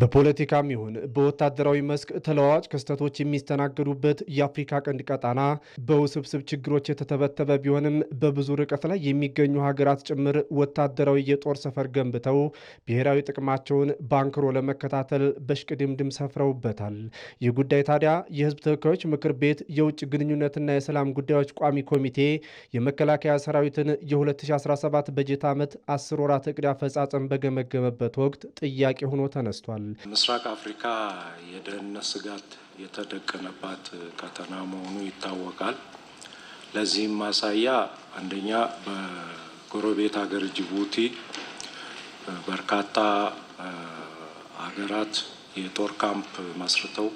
በፖለቲካም ይሁን በወታደራዊ መስክ ተለዋዋጭ ክስተቶች የሚስተናገዱበት የአፍሪካ ቀንድ ቀጣና በውስብስብ ችግሮች የተተበተበ ቢሆንም በብዙ ርቀት ላይ የሚገኙ ሀገራት ጭምር ወታደራዊ የጦር ሰፈር ገንብተው ብሔራዊ ጥቅማቸውን ባንክሮ ለመከታተል በሽቅድምድም ሰፍረውበታል። ይህ ጉዳይ ታዲያ የሕዝብ ተወካዮች ምክር ቤት የውጭ ግንኙነትና የሰላም ጉዳዮች ቋሚ ኮሚቴ የመከላከያ ሰራዊትን የ2017 በጀት ዓመት 10 ወራት እቅድ አፈጻጸም በገመገመበት ወቅት ጥያቄ ሆኖ ተነስቷል። ምስራቅ አፍሪካ የደህንነት ስጋት የተደቀነባት ቀጠና መሆኑ ይታወቃል። ለዚህም ማሳያ አንደኛ በጎረቤት ሀገር ጅቡቲ በርካታ ሀገራት የጦር ካምፕ መስርተው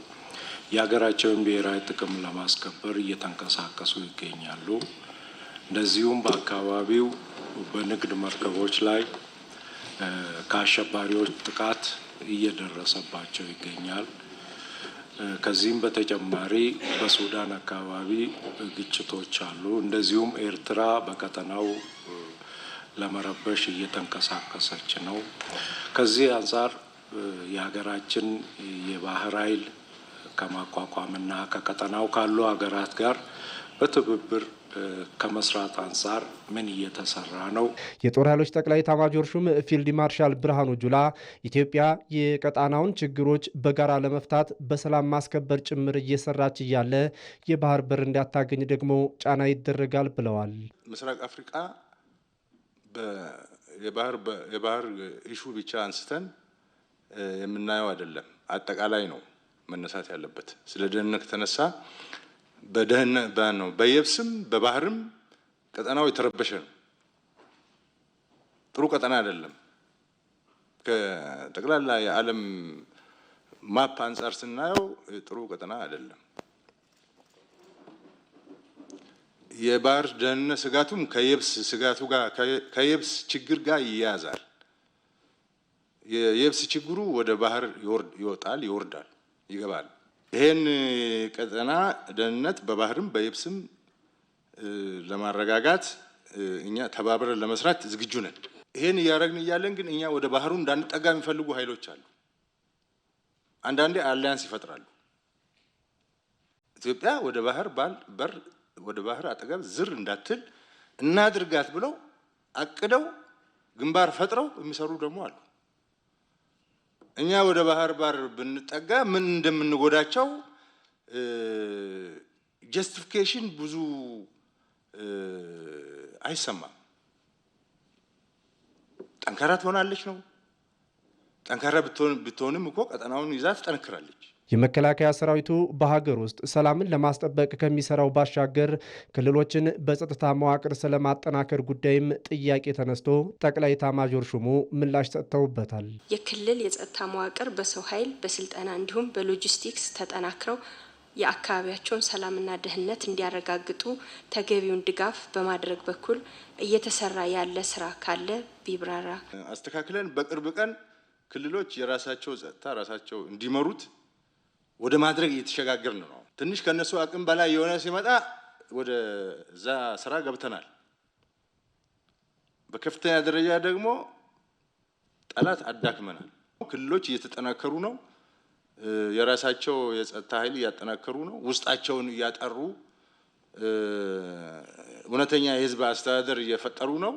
የሀገራቸውን ብሔራዊ ጥቅም ለማስከበር እየተንቀሳቀሱ ይገኛሉ። እንደዚሁም በአካባቢው በንግድ መርከቦች ላይ ከአሸባሪዎች ጥቃት እየደረሰባቸው ይገኛል። ከዚህም በተጨማሪ በሱዳን አካባቢ ግጭቶች አሉ። እንደዚሁም ኤርትራ በቀጠናው ለመረበሽ እየተንቀሳቀሰች ነው። ከዚህ አንጻር የሀገራችን የባህር ኃይል ከማቋቋምና ከቀጠናው ካሉ ሀገራት ጋር በትብብር ከመስራት አንጻር ምን እየተሰራ ነው? የጦር ኃይሎች ጠቅላይ ኤታማዦር ሹም ፊልድ ማርሻል ብርሃኑ ጁላ ኢትዮጵያ የቀጣናውን ችግሮች በጋራ ለመፍታት በሰላም ማስከበር ጭምር እየሰራች እያለ የባህር በር እንዳታገኝ ደግሞ ጫና ይደረጋል ብለዋል። ምስራቅ አፍሪቃ የባህር ኢሹ ብቻ አንስተን የምናየው አይደለም፣ አጠቃላይ ነው መነሳት ያለበት። ስለ ደህንነት ተነሳ በደህነ ነው በየብስም በባህርም ቀጠናው የተረበሸ ነው። ጥሩ ቀጠና አይደለም። ከጠቅላላ የዓለም ማፕ አንጻር ስናየው ጥሩ ቀጠና አይደለም። የባህር ደህንነት ስጋቱም ከየብስ ስጋቱ ጋር ከየብስ ችግር ጋር ይያያዛል። የየብስ ችግሩ ወደ ባህር ይወጣል፣ ይወርዳል፣ ይገባል። ይህን ቀጠና ደህንነት በባህርም በየብስም ለማረጋጋት እኛ ተባብረን ለመስራት ዝግጁ ነን። ይህን እያደረግን እያለን ግን እኛ ወደ ባህሩ እንዳንጠጋ የሚፈልጉ ኃይሎች አሉ። አንዳንዴ አሊያንስ ይፈጥራሉ። ኢትዮጵያ ወደ ባህር ባል በር ወደ ባህር አጠገብ ዝር እንዳትል እናድርጋት ብለው አቅደው ግንባር ፈጥረው የሚሰሩ ደግሞ አሉ። እኛ ወደ ባህር ባር ብንጠጋ ምን እንደምንጎዳቸው ጀስቲፊኬሽን ብዙ አይሰማም። ጠንካራ ትሆናለች ነው። ጠንካራ ብትሆንም እኮ ቀጠናውን ይዛ ትጠነክራለች። የመከላከያ ሰራዊቱ በሀገር ውስጥ ሰላምን ለማስጠበቅ ከሚሰራው ባሻገር ክልሎችን በጸጥታ መዋቅር ስለማጠናከር ጉዳይም ጥያቄ ተነስቶ ጠቅላይ ኤታማዦር ሹሙ ምላሽ ሰጥተውበታል። የክልል የጸጥታ መዋቅር በሰው ኃይል፣ በስልጠና እንዲሁም በሎጂስቲክስ ተጠናክረው የአካባቢያቸውን ሰላምና ደህንነት እንዲያረጋግጡ ተገቢውን ድጋፍ በማድረግ በኩል እየተሰራ ያለ ስራ ካለ ቢብራራ። አስተካክለን በቅርብ ቀን ክልሎች የራሳቸው ጸጥታ ራሳቸው እንዲመሩት ወደ ማድረግ እየተሸጋገር ነው። ትንሽ ከእነሱ አቅም በላይ የሆነ ሲመጣ ወደ እዛ ስራ ገብተናል። በከፍተኛ ደረጃ ደግሞ ጠላት አዳክመናል። ክልሎች እየተጠናከሩ ነው። የራሳቸው የጸጥታ ኃይል እያጠናከሩ ነው። ውስጣቸውን እያጠሩ እውነተኛ የህዝብ አስተዳደር እየፈጠሩ ነው።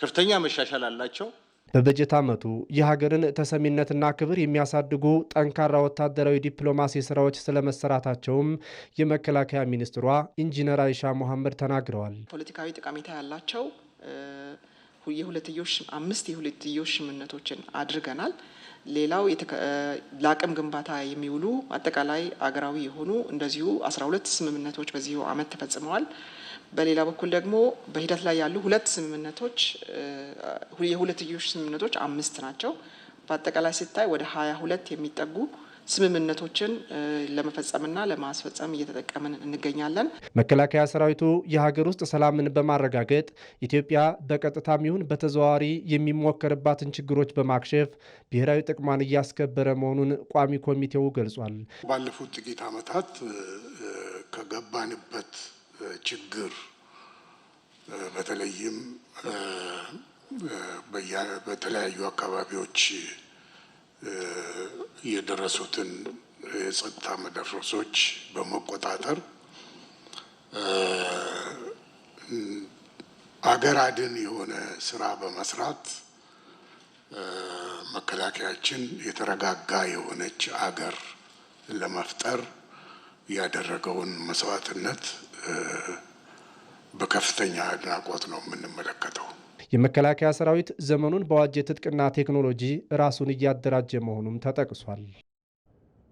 ከፍተኛ መሻሻል አላቸው። በበጀት ዓመቱ የሀገርን ተሰሚነትና ክብር የሚያሳድጉ ጠንካራ ወታደራዊ ዲፕሎማሲ ስራዎች ስለመሰራታቸውም የመከላከያ ሚኒስትሯ ኢንጂነር አይሻ መሐመድ ተናግረዋል። ፖለቲካዊ ጠቀሜታ ያላቸው የሁለትዮሽ አምስት የሁለትዮሽ ስምምነቶችን አድርገናል። ሌላው ለአቅም ግንባታ የሚውሉ አጠቃላይ አገራዊ የሆኑ እንደዚሁ አስራ ሁለት ስምምነቶች በዚሁ ዓመት ተፈጽመዋል። በሌላ በኩል ደግሞ በሂደት ላይ ያሉ ሁለት ስምምነቶች የሁለትዮሽ ስምምነቶች አምስት ናቸው። በአጠቃላይ ሲታይ ወደ ሀያ ሁለት የሚጠጉ ስምምነቶችን ለመፈጸምና ለማስፈጸም እየተጠቀምን እንገኛለን። መከላከያ ሰራዊቱ የሀገር ውስጥ ሰላምን በማረጋገጥ ኢትዮጵያ በቀጥታም ይሁን በተዘዋዋሪ የሚሞከርባትን ችግሮች በማክሸፍ ብሔራዊ ጥቅሟን እያስከበረ መሆኑን ቋሚ ኮሚቴው ገልጿል። ባለፉት ጥቂት ዓመታት ከገባንበት ችግር በተለይም በተለያዩ አካባቢዎች የደረሱትን የጸጥታ መደፍረሶች በመቆጣጠር አገር አድን የሆነ ስራ በመስራት መከላከያችን የተረጋጋ የሆነች አገር ለመፍጠር ያደረገውን መስዋዕትነት በከፍተኛ አድናቆት ነው የምንመለከተው። የመከላከያ ሰራዊት ዘመኑን በዋጀ ትጥቅና ቴክኖሎጂ ራሱን እያደራጀ መሆኑም ተጠቅሷል።